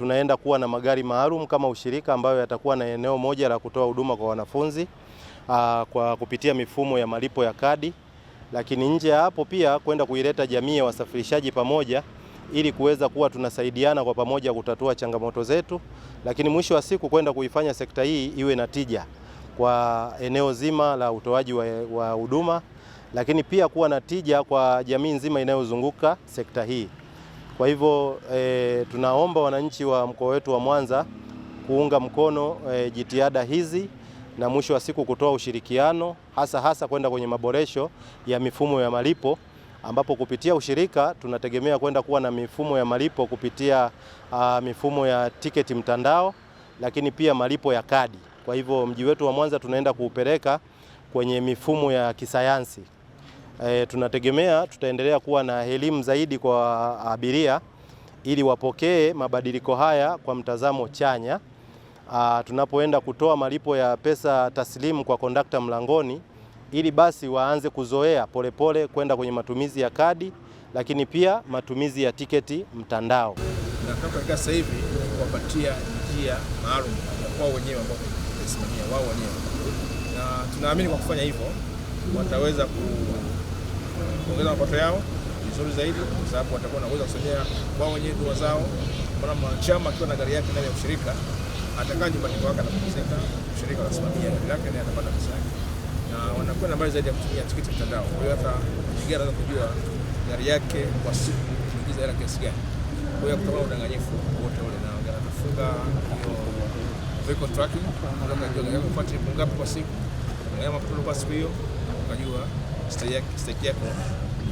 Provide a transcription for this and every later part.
Tunaenda kuwa na magari maalum kama ushirika ambayo yatakuwa na eneo moja la kutoa huduma kwa wanafunzi aa, ah, kwa kupitia mifumo ya malipo ya kadi, lakini nje ya hapo pia kwenda kuileta jamii ya wasafirishaji pamoja ili kuweza kuwa tunasaidiana kwa pamoja kutatua changamoto zetu, lakini mwisho wa siku kwenda kuifanya sekta hii iwe na tija kwa eneo zima la utoaji wa huduma, lakini pia kuwa na tija kwa jamii nzima inayozunguka sekta hii. Kwa hivyo e, tunaomba wananchi wa mkoa wetu wa Mwanza kuunga mkono e, jitihada hizi na mwisho wa siku kutoa ushirikiano hasa hasa kwenda kwenye maboresho ya mifumo ya malipo ambapo kupitia ushirika tunategemea kwenda kuwa na mifumo ya malipo kupitia a, mifumo ya tiketi mtandao, lakini pia malipo ya kadi. Kwa hivyo mji wetu wa Mwanza tunaenda kuupeleka kwenye mifumo ya kisayansi e, tunategemea tutaendelea kuwa na elimu zaidi kwa abiria ili wapokee mabadiliko haya kwa mtazamo chanya. A, ah, tunapoenda kutoa malipo ya pesa taslimu kwa kondakta mlangoni ili basi waanze kuzoea polepole kwenda kwenye matumizi ya kadi, lakini pia matumizi ya tiketi mtandao. Na sasa hivi kuwapatia njia maalum wao wenyewe ambao wanasimamia wao wenyewe, na tunaamini kwa kufanya hivyo wataweza ku kuongeza mapato yao vizuri zaidi, kwa sababu watakuwa wanaweza kusomea wao wenyewe dua zao. Kuna mwanachama akiwa na gari yake ndani ya ushirika, atakaa nyumbani kwake, anapumzika, ushirika anasimamia gari lake, naye anapata pesa yake, na wanakuwa na mbali zaidi ya kutumia tiketi mtandao. Kwa hiyo hata mpiga anaweza kujua gari yake kwa siku kuingiza hela kiasi gani. Kwa hiyo kutoka udanganyifu wote ule, na anatafunga hiyo vehicle tracking, unajua gari yako kwa siku, unajua mapato kwa siku hiyo, unajua stahiki yako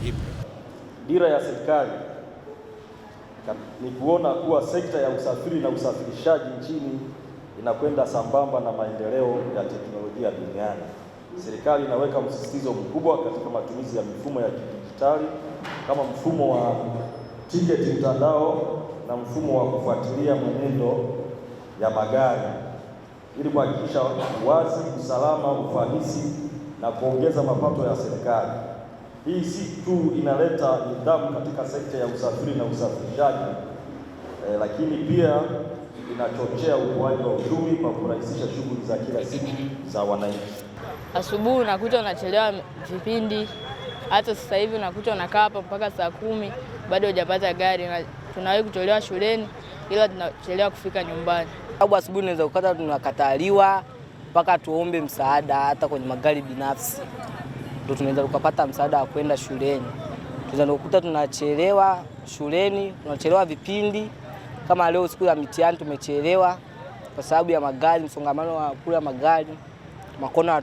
ipo. Dira ya serikali ni kuona kuwa sekta ya usafiri na usafirishaji nchini inakwenda sambamba na maendeleo ya teknolojia duniani. Serikali inaweka msisitizo mkubwa katika matumizi ya mifumo ya kidijitali kama mfumo wa tiketi mtandao na mfumo wa kufuatilia mwenendo ya magari ili kuhakikisha uwazi, usalama, ufanisi na kuongeza mapato ya serikali. Hii si tu inaleta nidhamu katika sekta ya usafiri na usafirishaji eh, lakini pia inachochea ukuaji wa uchumi kwa kurahisisha shughuli za kila siku za wananchi. Asubuhi unakuta unachelewa vipindi, hata sasa hivi unakuta unakaa hapa mpaka saa kumi bado hujapata gari. Tunawahi kutolewa shuleni, ila tunachelewa kufika nyumbani, sababu asubuhi unaweza kukata, tunakataliwa mpaka tuombe msaada hata kwenye magari binafsi, ndo tunaweza tukapata msaada wa kwenda shuleni. Tunaweza kukuta tunachelewa shuleni, tunachelewa vipindi kama leo, siku ya mitihani tumechelewa kwa sababu ya magari, msongamano wa kula magari makona